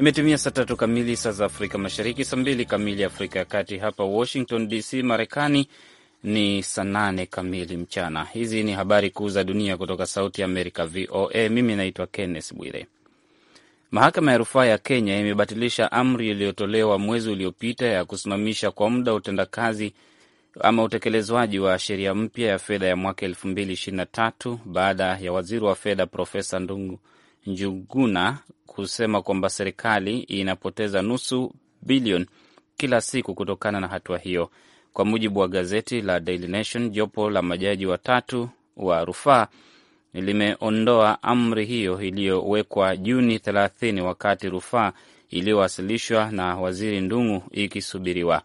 Imetimia saa tatu kamili saa za Afrika Mashariki, saa mbili kamili Afrika ya Kati. Hapa Washington DC, Marekani ni saa nane kamili mchana. Hizi ni habari kuu za dunia kutoka Sauti ya Amerika, VOA. Mimi naitwa Kenneth Bwire. Mahakama ya rufaa ya Kenya imebatilisha amri iliyotolewa mwezi uliopita ya kusimamisha kwa muda utendakazi ama utekelezwaji wa sheria mpya ya fedha ya mwaka elfu mbili ishirini na tatu baada ya waziri wa fedha Profesa Ndungu Njuguna kusema kwamba serikali inapoteza nusu bilioni kila siku kutokana na hatua hiyo. Kwa mujibu wa gazeti la Daily Nation, jopo la majaji watatu wa, rufaa limeondoa amri hiyo iliyowekwa Juni 30 wakati rufaa iliyowasilishwa na waziri Ndung'u ikisubiriwa.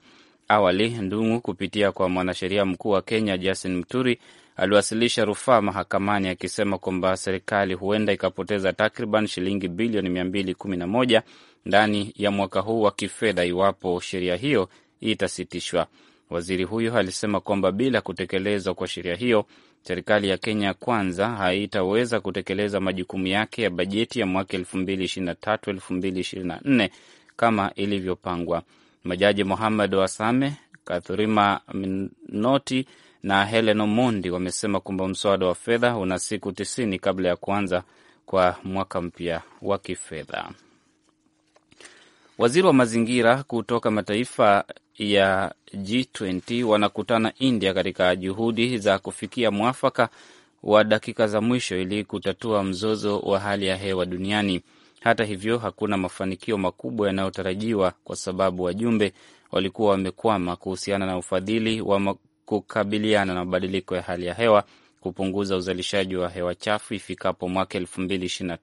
Awali Ndung'u kupitia kwa mwanasheria mkuu wa Kenya Justin Muturi aliwasilisha rufaa mahakamani akisema kwamba serikali huenda ikapoteza takriban shilingi bilioni 211 ndani ya mwaka huu wa kifedha iwapo sheria hiyo itasitishwa. Waziri huyo alisema kwamba bila kutekelezwa kwa sheria hiyo, serikali ya Kenya Kwanza haitaweza kutekeleza majukumu yake ya bajeti ya mwaka 2023/2024 kama ilivyopangwa. Majaji Muhammad Wasame, Kathurima Minoti na Helen Omondi wamesema kwamba mswada wa fedha una siku tisini kabla ya kuanza kwa mwaka mpya wa kifedha. Waziri wa mazingira kutoka mataifa ya G20 wanakutana India katika juhudi za kufikia mwafaka wa dakika za mwisho ili kutatua mzozo wa hali ya hewa duniani. Hata hivyo, hakuna mafanikio makubwa yanayotarajiwa kwa sababu wajumbe walikuwa wamekwama kuhusiana na ufadhili wa kukabiliana na mabadiliko ya hali ya hewa kupunguza uzalishaji wa hewa chafu ifikapo mwaka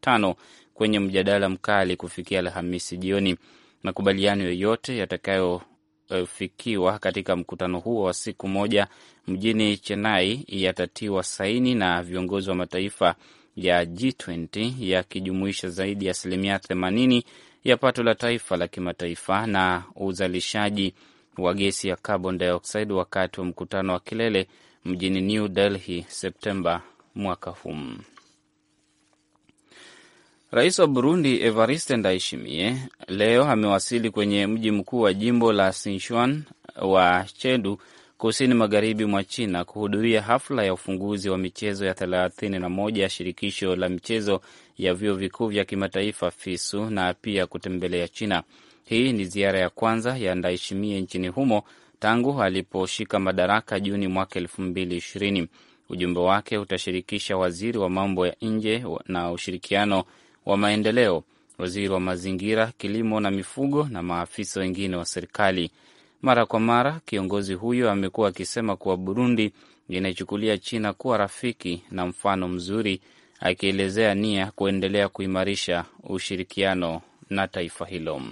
tano kwenye mjadala mkali kufikia Alhamisi jioni. Makubaliano yoyote yatakayofikiwa katika mkutano huo wa siku moja mjini Chennai yatatiwa saini na viongozi wa mataifa ya G20 yakijumuisha zaidi ya asilimia 80 ya pato la taifa la kimataifa na uzalishaji wa gesi ya carbon dioxide wakati wa mkutano wa kilele mjini New Delhi Septemba mwaka huu. Rais wa Burundi Evariste Ndayishimiye leo amewasili kwenye mji mkuu wa jimbo la Sichuan wa Chengdu kusini magharibi mwa China kuhudhuria hafla ya ufunguzi wa michezo ya 31 ya shirikisho la michezo ya vyuo vikuu vya kimataifa FISU na pia kutembelea China. Hii ni ziara ya kwanza ya Ndayishimiye nchini humo tangu aliposhika madaraka Juni mwaka elfu mbili ishirini. Ujumbe wake utashirikisha waziri wa mambo ya nje na ushirikiano wa maendeleo, waziri wa mazingira, kilimo na mifugo na maafisa wengine wa serikali. Mara kwa mara kiongozi huyo amekuwa akisema kuwa Burundi inaichukulia China kuwa rafiki na mfano mzuri, akielezea nia kuendelea kuimarisha ushirikiano na taifa hilo.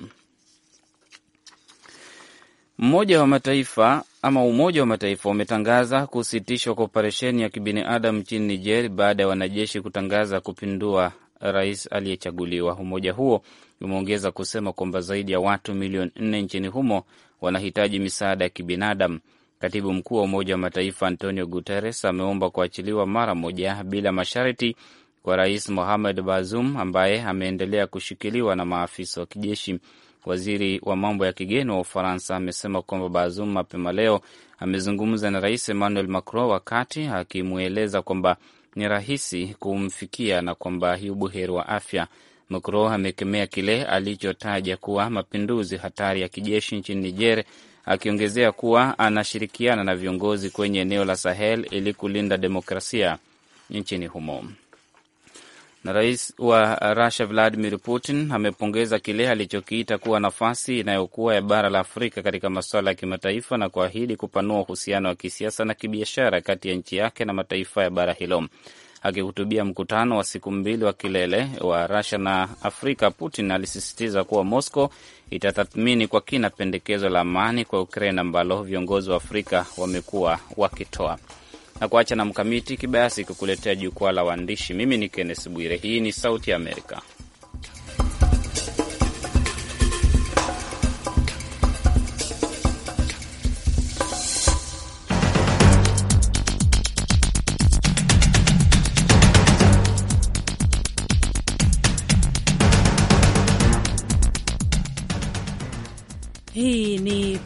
Mmoja wa mataifa ama Umoja wa Mataifa umetangaza kusitishwa kwa operesheni ya kibinadamu nchini Niger baada ya wanajeshi kutangaza kupindua rais aliyechaguliwa. Umoja huo umeongeza kusema kwamba zaidi ya watu milioni nne nchini humo wanahitaji misaada ya kibinadamu. Katibu mkuu wa Umoja wa Mataifa Antonio Guterres ameomba kuachiliwa mara moja bila masharti kwa Rais Mohamed Bazoum ambaye ameendelea kushikiliwa na maafisa wa kijeshi. Waziri wa mambo ya kigeni wa Ufaransa amesema kwamba Bazoum mapema leo amezungumza na Rais Emmanuel Macron wakati akimweleza kwamba ni rahisi kumfikia na kwamba yu buheri wa afya. Macron amekemea kile alichotaja kuwa mapinduzi hatari ya kijeshi nchini Niger, akiongezea kuwa anashirikiana na viongozi kwenye eneo la Sahel ili kulinda demokrasia nchini humo na rais wa Rusia Vladimir Putin amepongeza kile alichokiita kuwa nafasi inayokuwa ya bara la Afrika katika masuala ya kimataifa na kuahidi kupanua uhusiano wa kisiasa na kibiashara kati ya nchi yake na mataifa ya bara hilo. Akihutubia mkutano wa siku mbili wa kilele wa Rusia na Afrika, Putin alisisitiza kuwa Moscow itatathmini kwa kina pendekezo la amani kwa Ukraine ambalo viongozi wa Afrika wamekuwa wakitoa na kuacha na Mkamiti Kibayasi kukuletea jukwaa la waandishi. Mimi ni Kennes Bwire, hii ni Sauti ya Amerika.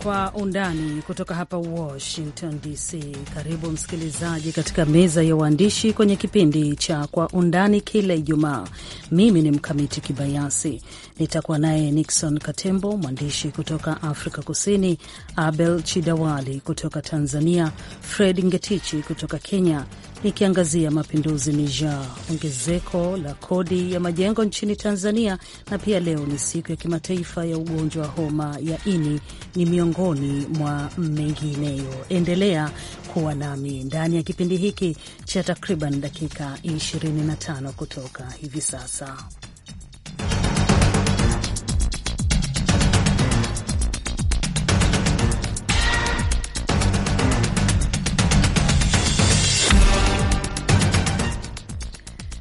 Kwa Undani kutoka hapa Washington DC. Karibu msikilizaji katika meza ya waandishi kwenye kipindi cha Kwa Undani kila Ijumaa. Mimi ni Mkamiti Kibayasi. Nitakuwa naye Nixon Katembo, mwandishi kutoka Afrika Kusini, Abel Chidawali kutoka Tanzania, Fred Ngetichi kutoka Kenya, nikiangazia mapinduzi Niger, ongezeko la kodi ya majengo nchini Tanzania, na pia leo ni siku ya kimataifa ya ugonjwa wa homa ya ini, ni miongoni mwa mengineyo. Endelea kuwa nami ndani ya kipindi hiki cha takriban dakika 25 kutoka hivi sasa.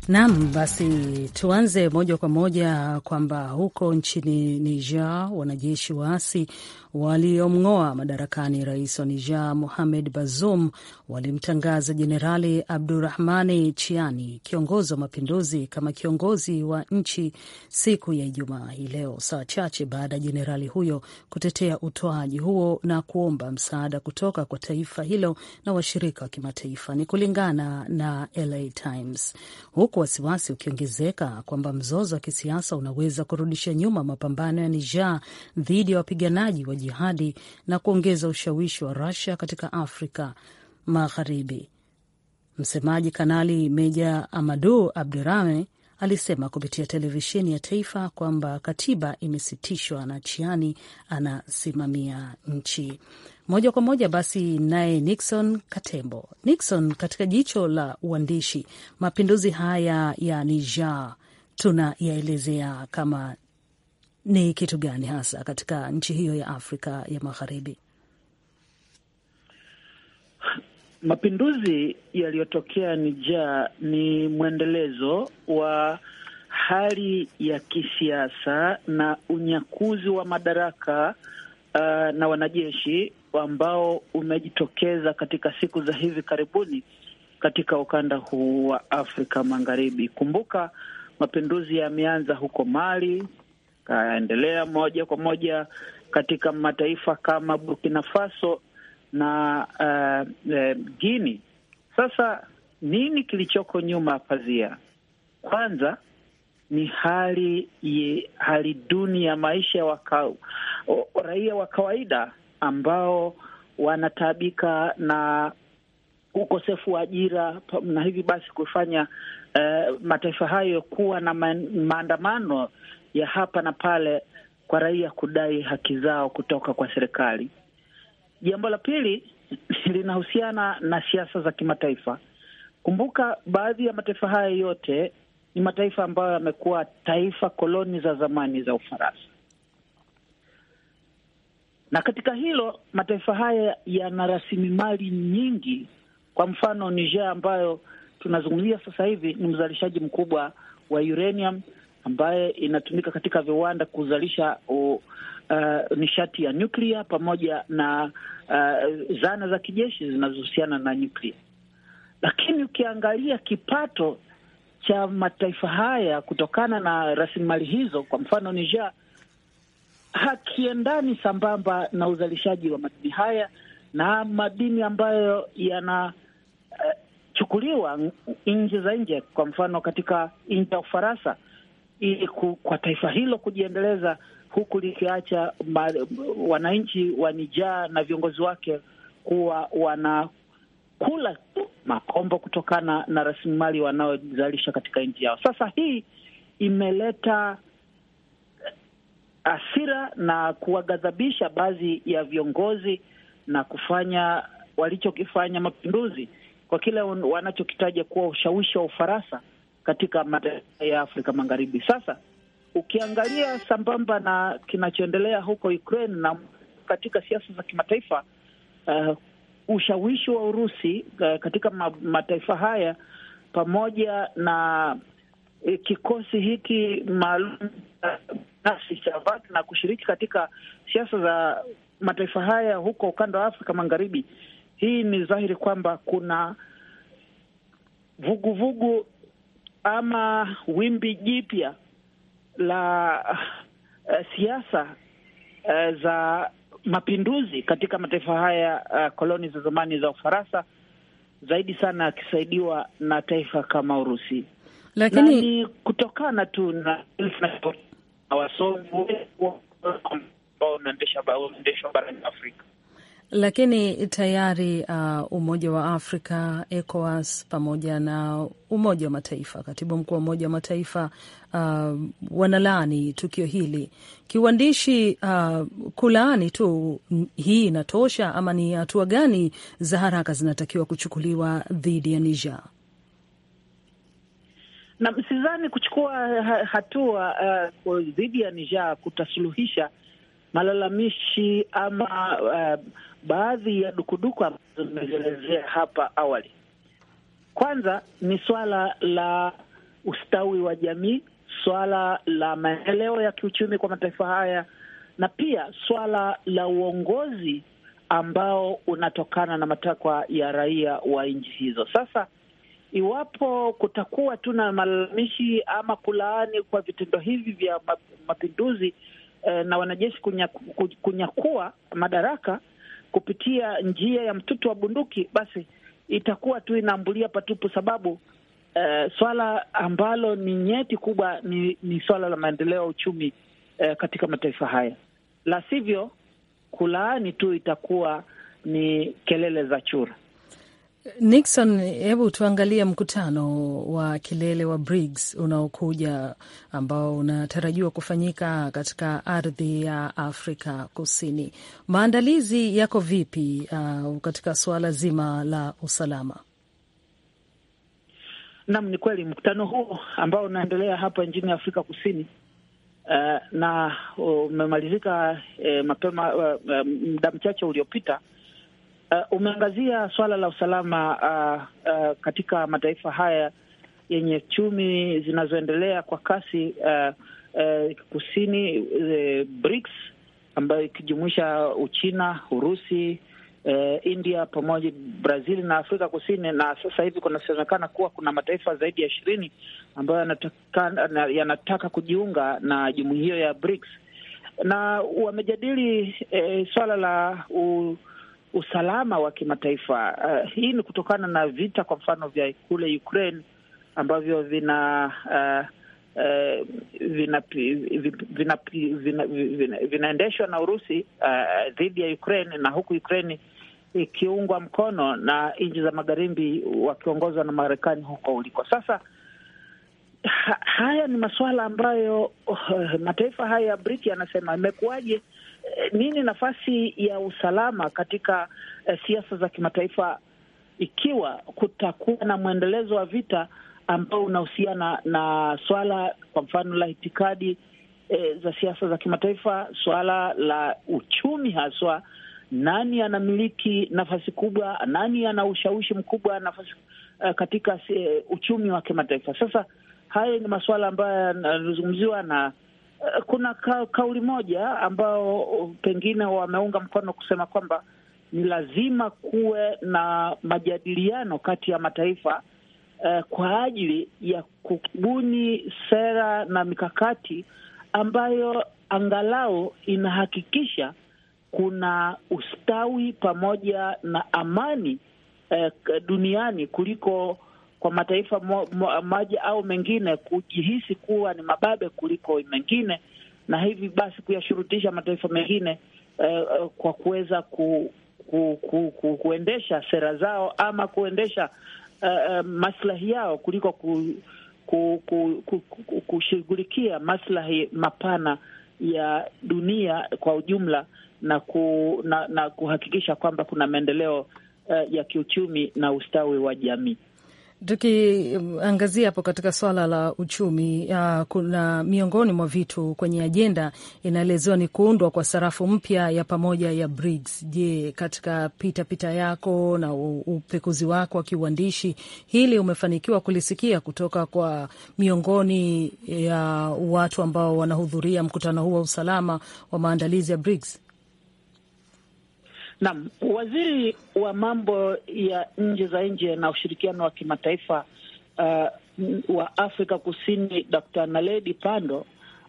nam basi tuanze moja kwa moja kwamba huko nchini Niger wanajeshi waasi waliomng'oa madarakani rais wa Niger Mohamed Bazoum walimtangaza Jenerali Abdurahmani Chiani, kiongozi wa mapinduzi, kama kiongozi wa nchi siku ya Ijumaa hii leo, saa chache baada ya jenerali huyo kutetea utoaji huo na kuomba msaada kutoka kwa taifa hilo na washirika wa kimataifa, ni kulingana na LA Times, huku wasiwasi ukiongezeka kwamba mzozo wa kisiasa unaweza kurudisha nyuma mapambano ya Niger dhidi ya wapiganaji wa jihadi na kuongeza ushawishi wa rasia katika Afrika Magharibi. Msemaji Kanali Meja Amadu Abdurame alisema kupitia televisheni ya taifa kwamba katiba imesitishwa na Chiani anasimamia nchi moja kwa moja. Basi naye Nixon Katembo. Nixon, katika jicho la uandishi, mapinduzi haya ya Niger tunayaelezea kama ni kitu gani hasa katika nchi hiyo ya Afrika ya Magharibi? Mapinduzi yaliyotokea Niger ni mwendelezo wa hali ya kisiasa na unyakuzi wa madaraka uh, na wanajeshi ambao umejitokeza katika siku za hivi karibuni katika ukanda huu wa Afrika Magharibi. Kumbuka mapinduzi yameanza huko Mali, kaendelea moja kwa moja katika mataifa kama Burkina Faso na uh, eh, uh, eh, Guini. Sasa nini kilichoko nyuma pazia? Kwanza ni hali ye, hali duni ya maisha ya raia wa kawaida ambao wanataabika na ukosefu wa ajira na hivi basi kufanya uh, mataifa hayo kuwa na maandamano ya hapa na pale kwa raia kudai haki zao kutoka kwa serikali. Jambo la pili linahusiana na siasa za kimataifa. Kumbuka, baadhi ya mataifa haya yote ni mataifa ambayo yamekuwa taifa koloni za zamani za Ufaransa, na katika hilo mataifa haya yana rasilimali nyingi. Kwa mfano Niger ambayo tunazungumzia sasa hivi ni mzalishaji mkubwa wa uranium ambaye inatumika katika viwanda kuzalisha uh, nishati ya nyuklia pamoja na uh, zana za kijeshi zinazohusiana na nyuklia. Lakini ukiangalia kipato cha mataifa haya kutokana na rasilimali hizo, kwa mfano Niger, hakiendani sambamba na uzalishaji wa madini haya na madini ambayo yana uh, chukuliwa nchi za nje. Kwa mfano katika nchi ya Ufaransa ili kwa taifa hilo kujiendeleza, huku likiacha wananchi wa nijaa na viongozi wake kuwa wanakula tu makombo kutokana na rasilimali wanaozalisha katika nchi yao. Sasa hii imeleta asira na kuwaghadhabisha baadhi ya viongozi na kufanya walichokifanya mapinduzi kwa kile wanachokitaja kuwa ushawishi wa Ufaransa katika mataifa ya Afrika Magharibi. Sasa ukiangalia sambamba na kinachoendelea huko Ukraine na katika siasa za kimataifa, uh, ushawishi wa Urusi uh, katika ma mataifa haya pamoja na uh, kikosi hiki maalum nafsi cha Wagner kushiriki katika siasa za mataifa haya huko ukanda wa Afrika Magharibi, hii ni dhahiri kwamba kuna vuguvugu vugu ama wimbi jipya la uh, siasa uh, za mapinduzi katika mataifa haya uh, koloni za zamani za Ufaransa, zaidi sana akisaidiwa na taifa kama Urusi. Lakini ni kutokana tu na wasomi ambao unaendeshwa barani Afrika lakini tayari uh, Umoja wa Afrika, ECOWAS pamoja na Umoja wa Mataifa, katibu mkuu wa Umoja wa Mataifa uh, wanalaani tukio hili kiuandishi. Uh, kulaani tu hii inatosha, ama ni hatua gani za haraka zinatakiwa kuchukuliwa dhidi ya Niger? Na sidhani kuchukua hatua uh, dhidi ya Niger kutasuluhisha malalamishi ama uh, baadhi ya dukuduku ambazo nimezielezea hapa awali. Kwanza ni swala la ustawi wa jamii, swala la maendeleo ya kiuchumi kwa mataifa haya, na pia swala la uongozi ambao unatokana na matakwa ya raia wa nchi hizo. Sasa iwapo kutakuwa tu na malalamishi ama kulaani kwa vitendo hivi vya mapinduzi eh, na wanajeshi kunyakua madaraka kupitia njia ya mtutu wa bunduki, basi itakuwa tu inaambulia patupu, sababu uh, swala ambalo ni nyeti kubwa ni, ni swala la maendeleo ya uchumi uh, katika mataifa haya, la sivyo kulaani tu itakuwa ni kelele za chura. Nixon, hebu tuangalie mkutano wa kilele wa BRICS unaokuja ambao unatarajiwa kufanyika katika ardhi ya Afrika Kusini. Maandalizi yako vipi uh, katika suala zima la usalama? Naam, ni kweli mkutano huu ambao unaendelea hapa nchini Afrika Kusini uh, na uh, umemalizika eh, uh, mapema uh, muda mchache uliopita Uh, umeangazia suala la usalama uh, uh, katika mataifa haya yenye chumi zinazoendelea kwa kasi uh, uh, kusini uh, BRICS ambayo ikijumuisha Uchina, Urusi, uh, India pamoja Brazil na Afrika Kusini, na sasa hivi kunasemekana kuwa kuna mataifa zaidi ya ishirini ambayo yanataka, yanataka kujiunga na jumuiya hiyo ya BRICS na wamejadili uh, swala la uh, usalama wa kimataifa. Uh, hii ni kutokana na vita kwa mfano vya kule Ukraine ambavyo uh, uh, vina vinaendeshwa na Urusi uh, dhidi ya Ukraine na huku Ukraine ikiungwa mkono na nchi za magharibi wakiongozwa na Marekani huko uliko sasa. Ha, haya ni masuala ambayo uh, mataifa haya ya BRICS yanasema imekuwaje nini eh, nafasi ya usalama katika eh, siasa za kimataifa ikiwa kutakuwa na mwendelezo wa vita ambao unahusiana na swala kwa mfano la itikadi eh, za siasa za kimataifa, swala la uchumi haswa nani anamiliki nafasi kubwa, nani ana ushawishi mkubwa nafasi uh, katika uh, uchumi wa kimataifa. Sasa hayo ni masuala ambayo yanazungumziwa na Eh, kuna ka, kauli moja ambao pengine wameunga mkono kusema kwamba ni lazima kuwe na majadiliano kati ya mataifa eh, kwa ajili ya kubuni sera na mikakati ambayo angalau inahakikisha kuna ustawi pamoja na amani eh, duniani kuliko kwa mataifa moja au mengine kujihisi kuwa ni mababe kuliko mengine, na hivi basi kuyashurutisha mataifa mengine eh, eh kwa kuweza ku, ku, ku, ku, kuendesha sera zao ama kuendesha eh, eh maslahi yao kuliko ku, ku, ku, ku, ku, kushughulikia maslahi mapana ya dunia kwa ujumla na, ku, na, na kuhakikisha kwamba kuna maendeleo eh, ya kiuchumi na ustawi wa jamii. Tukiangazia hapo katika swala la uchumi, uh, kuna miongoni mwa vitu kwenye ajenda inaelezewa ni kuundwa kwa sarafu mpya ya pamoja ya BRICS. Je, katika pitapita -pita yako na upekuzi wako wa kiuandishi, hili umefanikiwa kulisikia kutoka kwa miongoni ya watu ambao wanahudhuria mkutano huu wa usalama wa maandalizi ya BRICS? Naam, waziri wa mambo ya nje za nje na ushirikiano wa kimataifa uh, wa Afrika Kusini Dr. Naledi pando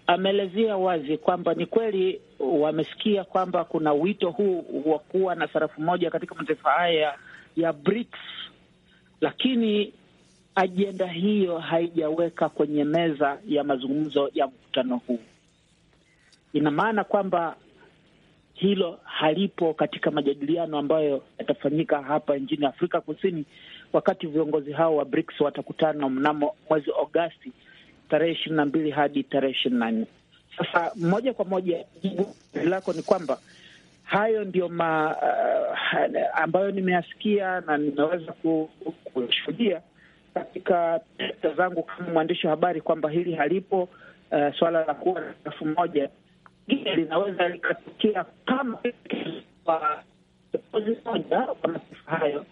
ameelezea wazi kwamba ni kweli wamesikia kwamba kuna wito huu wa kuwa na sarafu moja katika mataifa haya ya BRICS, lakini ajenda hiyo haijaweka kwenye meza ya mazungumzo ya mkutano huu. Ina maana kwamba hilo halipo katika majadiliano ambayo yatafanyika hapa nchini Afrika Kusini wakati viongozi hao wa BRICS watakutana mnamo mwezi Agosti tarehe ishirini na mbili hadi tarehe ishirini na nne. Sasa moja kwa moja jibu lako ni kwamba hayo ndio ma, uh, ambayo nimeyasikia na nimeweza kushuhudia katika sekta zangu kama mwandishi wa habari kwamba hili halipo. Uh, swala la kuwa na elfu moja lingine linaweza likatokea kama moja kwa masifa hayo.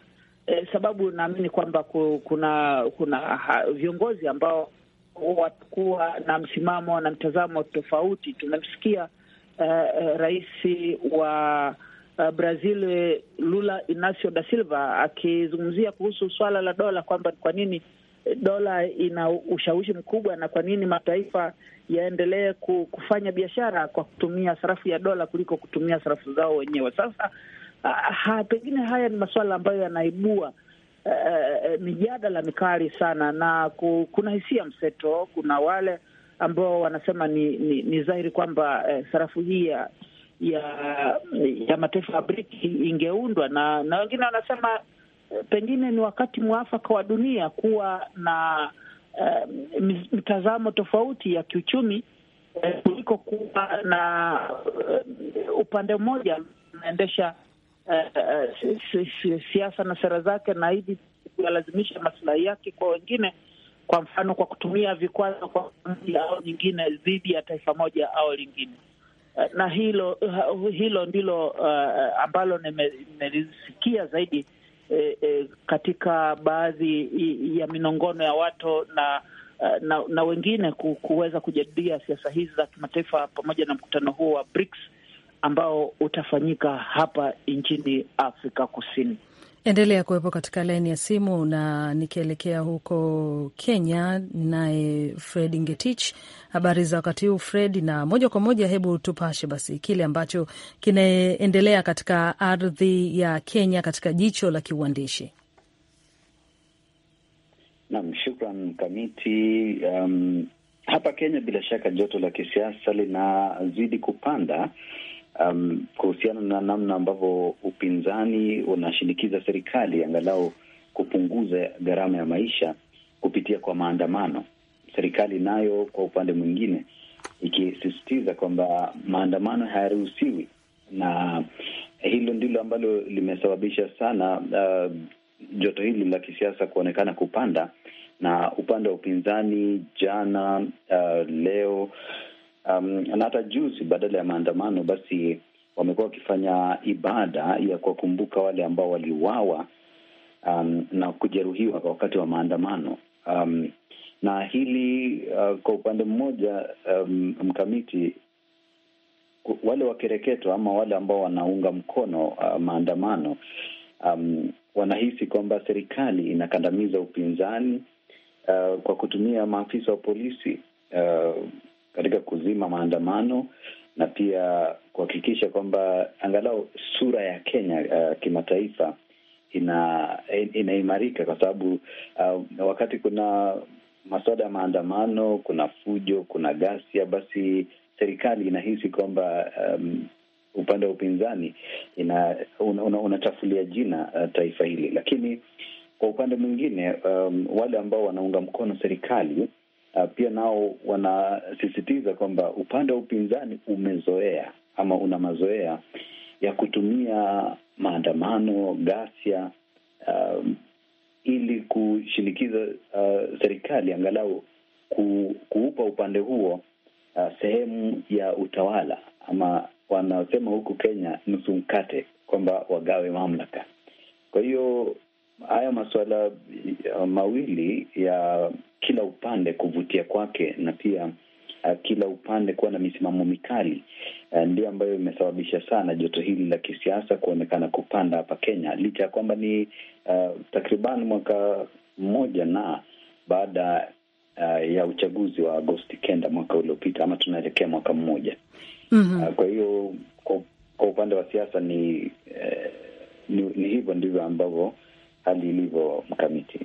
E, sababu naamini kwamba kuna kuna ha, viongozi ambao watakuwa na msimamo na mtazamo tofauti. Tumemsikia uh, rais wa uh, Brazil Lula Inacio da Silva akizungumzia kuhusu swala la dola kwamba kwa nini dola ina ushawishi mkubwa, na kwa nini mataifa yaendelee kufanya biashara kwa kutumia sarafu ya dola kuliko kutumia sarafu zao wenyewe? Sasa ha, pengine haya ni masuala ambayo yanaibua mijadala mijadala mikali sana, na kuna hisia mseto. Kuna wale ambao wanasema ni, ni, ni dhahiri kwamba eh, sarafu hii ya ya mataifa ya BRICS ingeundwa na na wengine wanasema pengine ni wakati mwafaka wa dunia kuwa na um, mitazamo tofauti ya kiuchumi eh, kuliko kuwa na uh, upande mmoja unaendesha uh, siasa na sera zake na hivi kuyalazimisha masilahi yake kwa wengine, kwa mfano kwa kutumia vikwazo kwa moja au nyingine dhidi ya taifa moja au lingine. na hilo hilo ndilo uh, ambalo nimelisikia zaidi e, e, katika baadhi ya minongono ya watu na e, na, na wengine kuweza kujadilia siasa hizi za kimataifa pamoja na mkutano huo wa BRICS ambao utafanyika hapa nchini Afrika Kusini. Endelea kuwepo katika laini ya simu, na nikielekea huko Kenya naye Fred Ngetich. Habari za wakati huu Fred, na moja kwa moja, hebu tupashe basi kile ambacho kinaendelea katika ardhi ya Kenya katika jicho la kiuandishi. nam shukran Kamiti. Um, hapa Kenya bila shaka joto la kisiasa linazidi kupanda um, kuhusiana na namna ambavyo upinzani unashinikiza serikali angalau kupunguza gharama ya maisha kupitia kwa maandamano, serikali nayo kwa upande mwingine ikisisitiza kwamba maandamano hayaruhusiwi, na hilo ndilo ambalo limesababisha sana uh, joto hili la kisiasa kuonekana kupanda na upande wa upinzani jana, uh, leo um, na hata juzi badala ya maandamano basi wamekuwa wakifanya ibada ya kuwakumbuka wale ambao waliuawa um, na kujeruhiwa kwa wakati wa maandamano um, na hili uh, kwa upande mmoja um, mkamiti wale wakereketo ama wale ambao wanaunga mkono uh, maandamano um, wanahisi kwamba serikali inakandamiza upinzani uh, kwa kutumia maafisa wa polisi uh, katika kuzima maandamano na pia kuhakikisha kwamba angalau sura ya Kenya uh, kimataifa ina inaimarika kwa sababu uh, wakati kuna masuala ya maandamano, kuna fujo, kuna ghasia, basi serikali inahisi kwamba um, upande wa upinzani unachafulia una, una jina uh, taifa hili. Lakini kwa upande mwingine um, wale ambao wanaunga mkono serikali uh, pia nao wanasisitiza kwamba upande wa upinzani umezoea ama una mazoea ya kutumia maandamano, ghasia um, ili kushinikiza uh, serikali angalau ku, kuupa upande huo uh, sehemu ya utawala ama wanasema huku Kenya nusu mkate, kwamba wagawe mamlaka. Kwa hiyo haya masuala uh, mawili ya kila upande kuvutia kwake na pia uh, kila upande kuwa na misimamo mikali uh, ndio ambayo imesababisha sana joto hili la kisiasa kuonekana kupanda hapa Kenya, licha ya kwamba ni uh, takriban mwaka mmoja na baada uh, ya uchaguzi wa Agosti kenda mwaka uliopita, ama tunaelekea mwaka mmoja. mm -hmm. uh, kwa hiyo kwa, upande wa siasa ni, eh, ni, ni hivyo ndivyo ambavyo hali ilivyo mkamiti.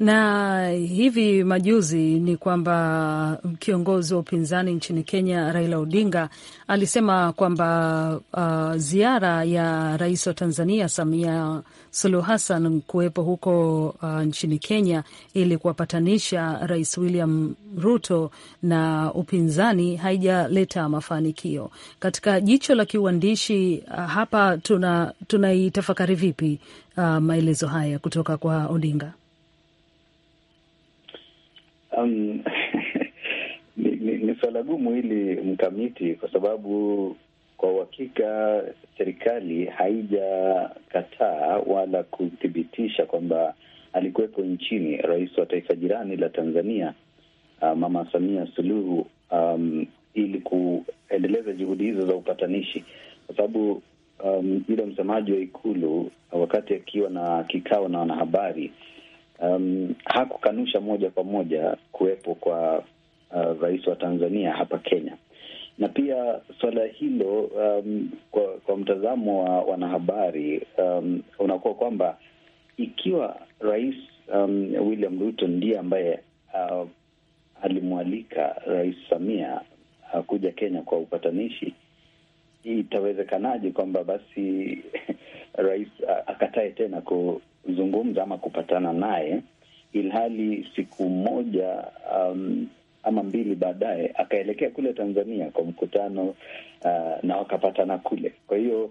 Na hivi majuzi ni kwamba kiongozi wa upinzani nchini Kenya Raila Odinga alisema kwamba uh, ziara ya rais wa Tanzania Samia Suluhu Hassan kuwepo huko uh, nchini Kenya ili kuwapatanisha Rais William Ruto na upinzani haijaleta mafanikio. Katika jicho la kiuandishi uh, hapa tunaitafakari tuna vipi uh, maelezo haya kutoka kwa Odinga? Um, ni, ni, ni swala gumu hili mkamiti, kwa sababu kwa uhakika serikali haijakataa wala kuthibitisha kwamba alikuwepo nchini rais wa taifa jirani la Tanzania, uh, Mama Samia Suluhu, um, ili kuendeleza juhudi hizo za upatanishi, kwa sababu um, msemaji wa Ikulu wakati akiwa na kikao na wanahabari um, hakukanusha moja kwa moja kuwepo kwa uh, rais wa Tanzania hapa Kenya, na pia suala hilo um, kwa, kwa mtazamo wa wanahabari um, unakuwa kwamba ikiwa rais um, William Ruto ndiye ambaye uh, alimwalika rais Samia uh, kuja Kenya kwa upatanishi, itawezekanaje kwamba basi rais uh, akatae tena kuzungumza ama kupatana naye, ilhali siku moja um, ama mbili baadaye akaelekea kule Tanzania kwa mkutano uh, na wakapatana kule. Kwa hiyo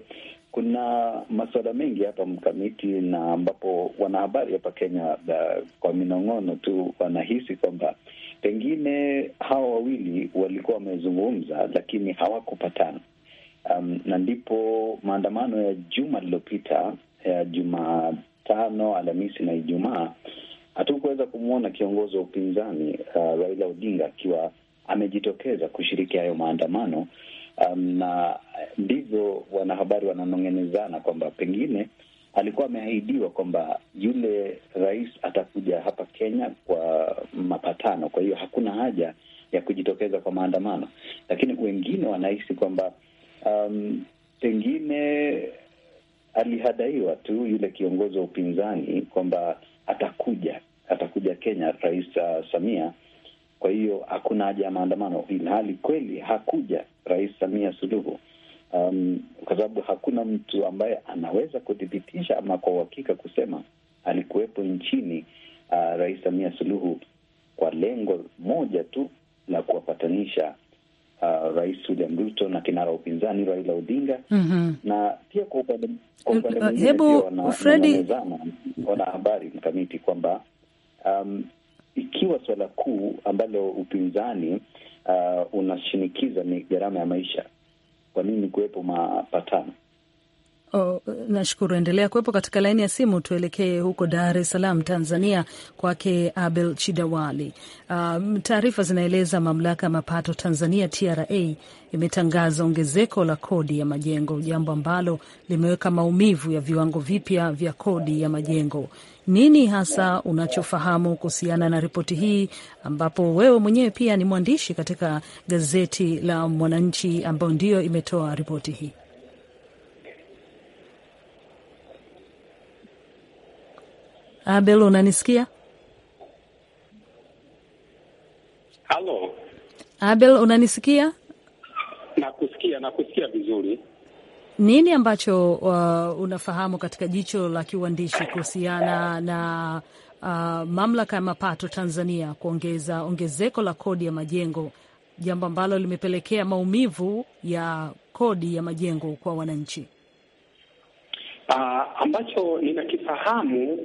kuna masuala mengi hapa mkamiti, na ambapo wanahabari hapa Kenya da, uh, kwa minong'ono tu wanahisi kwamba pengine hawa wawili walikuwa wamezungumza lakini hawakupatana. Um, na ndipo maandamano ya juma lililopita ya juma Jumatano, Alhamisi na Ijumaa, hatukuweza kumwona kiongozi wa upinzani uh, Raila Odinga akiwa amejitokeza kushiriki hayo maandamano um, na ndivyo wanahabari wananong'enezana kwamba pengine alikuwa ameahidiwa kwamba yule rais atakuja hapa Kenya kwa mapatano, kwa hiyo hakuna haja ya kujitokeza kwa maandamano, lakini wengine wanahisi kwamba um, pengine alihadaiwa tu yule kiongozi wa upinzani kwamba atakuja atakuja Kenya, Rais uh, Samia. Kwa hiyo hakuna haja ya maandamano, ilhali kweli hakuja Rais Samia Suluhu. Um, kwa sababu hakuna mtu ambaye anaweza kuthibitisha ama kwa uhakika kusema alikuwepo nchini uh, Rais Samia Suluhu kwa lengo moja tu la kuwapatanisha uh, Rais William Ruto na kinara upinzani Raila Odinga mm -hmm. na pia kwa upande mwingine hebu Fredi, wana habari mkamiti kwamba um, ikiwa suala kuu ambalo upinzani uh, unashinikiza ni gharama ya maisha, kwa nini kuwepo mapatano Oh, nashukuru. Endelea kuwepo katika laini ya simu. Tuelekee huko Dar es Salaam, Tanzania, kwake Abel Chidawali. Um, taarifa zinaeleza mamlaka ya mapato Tanzania TRA imetangaza ongezeko la kodi ya majengo, jambo ambalo limeweka maumivu ya viwango vipya vya kodi ya majengo. Nini hasa unachofahamu kuhusiana na ripoti hii, ambapo wewe mwenyewe pia ni mwandishi katika gazeti la Mwananchi ambayo ndiyo imetoa ripoti hii? Abel, unanisikia? Halo Abel, unanisikia? Nakusikia, nakusikia vizuri. Nini ambacho uh, unafahamu katika jicho la kiuandishi kuhusiana na uh, mamlaka ya mapato Tanzania kuongeza ongezeko la kodi ya majengo, jambo ambalo limepelekea maumivu ya kodi ya majengo kwa wananchi? Uh, ambacho ninakifahamu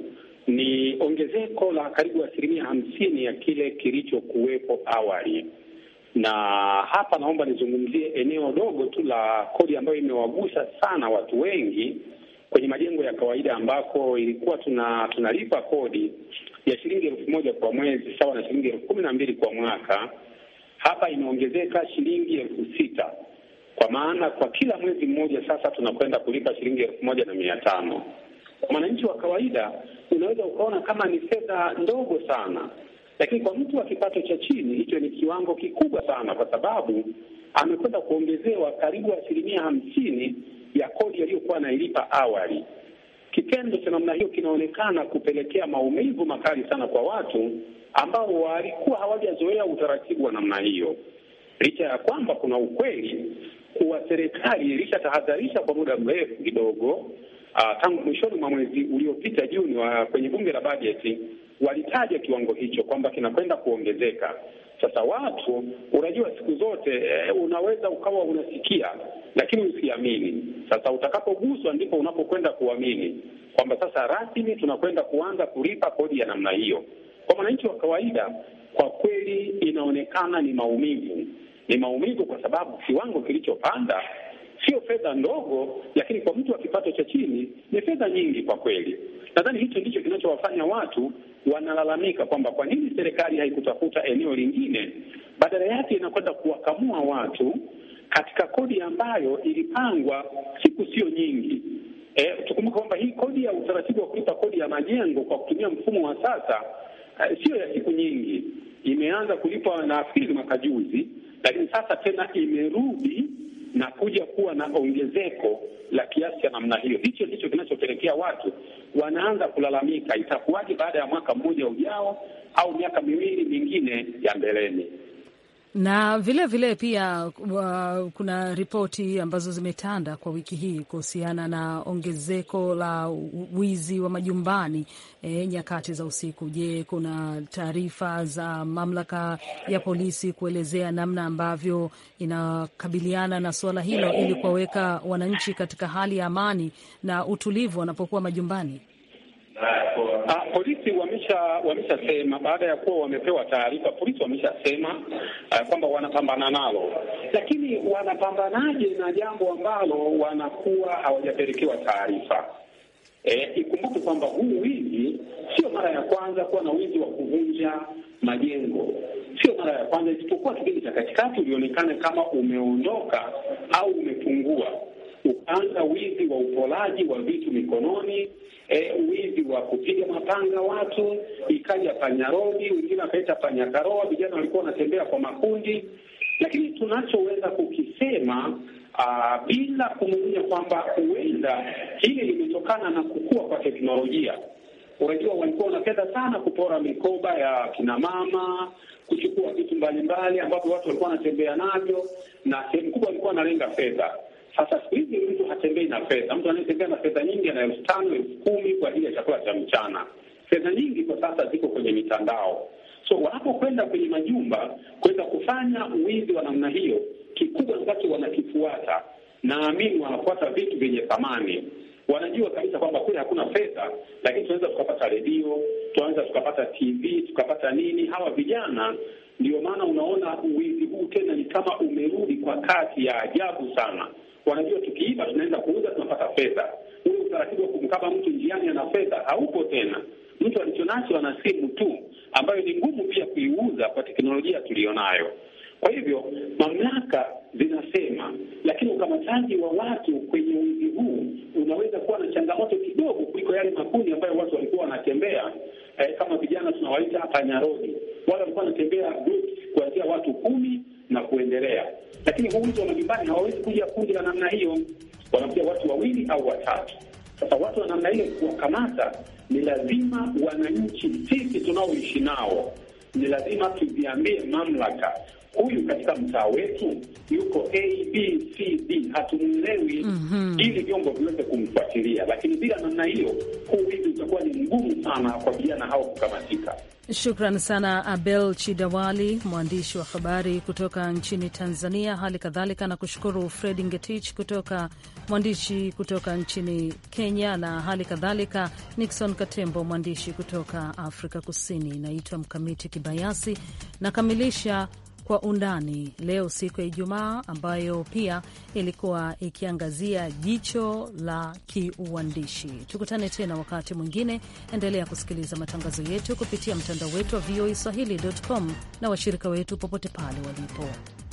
ni ongezeko la karibu asilimia hamsini ya kile kilichokuwepo awali, na hapa naomba nizungumzie eneo dogo tu la kodi ambayo imewagusa sana watu wengi kwenye majengo ya kawaida ambako ilikuwa tuna tunalipa kodi ya shilingi elfu moja kwa mwezi sawa na shilingi elfu kumi na mbili kwa mwaka. Hapa imeongezeka shilingi elfu sita kwa maana kwa kila mwezi mmoja sasa tunakwenda kulipa shilingi elfu moja na mia tano mwananchi wa kawaida unaweza ukaona kama ni fedha ndogo sana, lakini kwa mtu wa kipato cha chini hicho ni kiwango kikubwa sana, kwa sababu amekwenda kuongezewa karibu asilimia hamsini ya kodi aliyokuwa anailipa awali. Kitendo cha namna hiyo kinaonekana kupelekea maumivu makali sana kwa watu ambao walikuwa hawajazoea utaratibu wa namna hiyo, licha ya kwamba kuna ukweli kuwa serikali ilishatahadharisha kwa muda mrefu kidogo uh, tangu mwishoni mwa mwezi uliopita Juni wa kwenye bunge la bajeti walitaja kiwango hicho kwamba kinakwenda kuongezeka. Sasa watu, unajua siku zote eh, unaweza ukawa unasikia lakini usiamini. Sasa utakapoguswa ndipo unapokwenda kuamini kwamba sasa rasmi tunakwenda kuanza kulipa kodi ya namna hiyo. Kwa mwananchi wa kawaida, kwa kweli inaonekana ni maumivu, ni maumivu kwa sababu kiwango kilichopanda sio fedha ndogo, lakini kwa mtu wa kipato cha chini ni fedha nyingi kwa kweli. Nadhani hicho ndicho kinachowafanya watu wanalalamika kwamba kwa nini serikali haikutafuta eneo lingine, badala yake inakwenda kuwakamua watu katika kodi ambayo ilipangwa siku sio nyingi. E, tukumbuke kwamba hii kodi ya utaratibu wa kulipa kodi ya majengo kwa kutumia mfumo wa sasa uh, e, siyo ya siku nyingi, imeanza kulipwa nafikiri mwaka juzi, lakini sasa tena imerudi na kuja kuwa na ongezeko la kiasi cha namna hiyo. Hicho ndicho kinachopelekea watu wanaanza kulalamika, itakuwaje baada ya mwaka mmoja ujao au miaka miwili mingine ya mbeleni? na vilevile vile pia uh, kuna ripoti ambazo zimetanda kwa wiki hii kuhusiana na ongezeko la wizi wa majumbani e, nyakati za usiku. Je, kuna taarifa za mamlaka ya polisi kuelezea namna ambavyo inakabiliana na suala hilo ili kuwaweka wananchi katika hali ya amani na utulivu wanapokuwa majumbani? Ah, polisi wamesha wameshasema baada ya kuwa wamepewa taarifa, polisi wameshasema uh, kwamba wanapambana nalo, lakini wanapambanaje na jambo ambalo wanakuwa hawajapelekewa taarifa? E, ikumbuke kwamba huu wizi sio mara ya kwanza kuwa na wizi wa kuvunja majengo, sio mara ya kwanza, isipokuwa kipindi cha katikati ulionekana kama umeondoka au umepungua ukaanza wizi wa upolaji wa vitu mikononi, e, wizi wa kupiga mapanga watu, ikaja panyarodi, wengine wakaita panyakaroa, vijana walikuwa wanatembea kwa makundi. Lakini tunachoweza kukisema Uh, bila kumumunya kwamba huenda hili limetokana na kukua kwa teknolojia. Unajua, walikuwa wanapenda sana kupora mikoba ya kina mama, kuchukua vitu mbalimbali ambavyo watu walikuwa wanatembea navyo, na sehemu kubwa walikuwa wanalenga fedha. Sasa siku hizi mtu hatembei na fedha. Mtu anayetembea na fedha nyingi ana elfu tano elfu kumi kwa ajili ya chakula cha mchana. Fedha nyingi kwa sasa ziko kwenye mitandao, so wanapokwenda kwenye majumba kwenda kufanya uwizi wa namna hiyo, kikubwa ambacho wanakifuata, naamini wanafuata vitu vyenye thamani wanajua kabisa kwamba kule hakuna fedha, lakini tunaweza tukapata redio, tunaweza tukapata TV, tukapata nini. Hawa vijana, ndio maana unaona uwizi huu tena ni kama umerudi kwa kasi ya ajabu sana wanajua tukiiba tunaenda kuuza, tunapata fedha. Ule utaratibu wa kumkaba mtu njiani ana fedha haupo tena. Mtu alichonacho ana simu tu, ambayo ni ngumu pia kuiuza kwa teknolojia tuliyonayo. Kwa hivyo mamlaka zinasema, lakini ukamataji wa watu kwenye wizi huu unaweza kuwa na changamoto kidogo kuliko yale makundi ambayo watu walikuwa wanatembea eh, kama vijana tunawaita hapa Nyarodi, wale walikuwa wanatembea kuanzia watu kumi na kuendelea. Lakini huu wizi wa majumbani hawawezi kuja kundi la namna hiyo, wanakuja watu wawili au watatu. Sasa watu wa namna hiyo kuwakamata, ni lazima wananchi sisi tunaoishi nao ni lazima tuziambie mamlaka huyu katika mtaa wetu yuko ABCD, hatumlewi hatumwelewi mm -hmm. ili vyombo viweze kumfuatilia, lakini bila namna hiyo, huu wizi utakuwa ni mgumu sana kwa vijana hao kukamatika. Shukran sana Abel Chidawali, mwandishi wa habari kutoka nchini Tanzania. Hali kadhalika na kushukuru Fredi Ngetich, kutoka mwandishi kutoka nchini Kenya, na hali kadhalika Nixon Katembo, mwandishi kutoka Afrika Kusini. Naitwa Mkamiti Kibayasi, nakamilisha kwa undani leo siku ya Ijumaa ambayo pia ilikuwa ikiangazia jicho la kiuandishi. Tukutane tena wakati mwingine. Endelea kusikiliza matangazo yetu kupitia mtandao wetu wa voa swahilicom na washirika wetu popote pale walipo.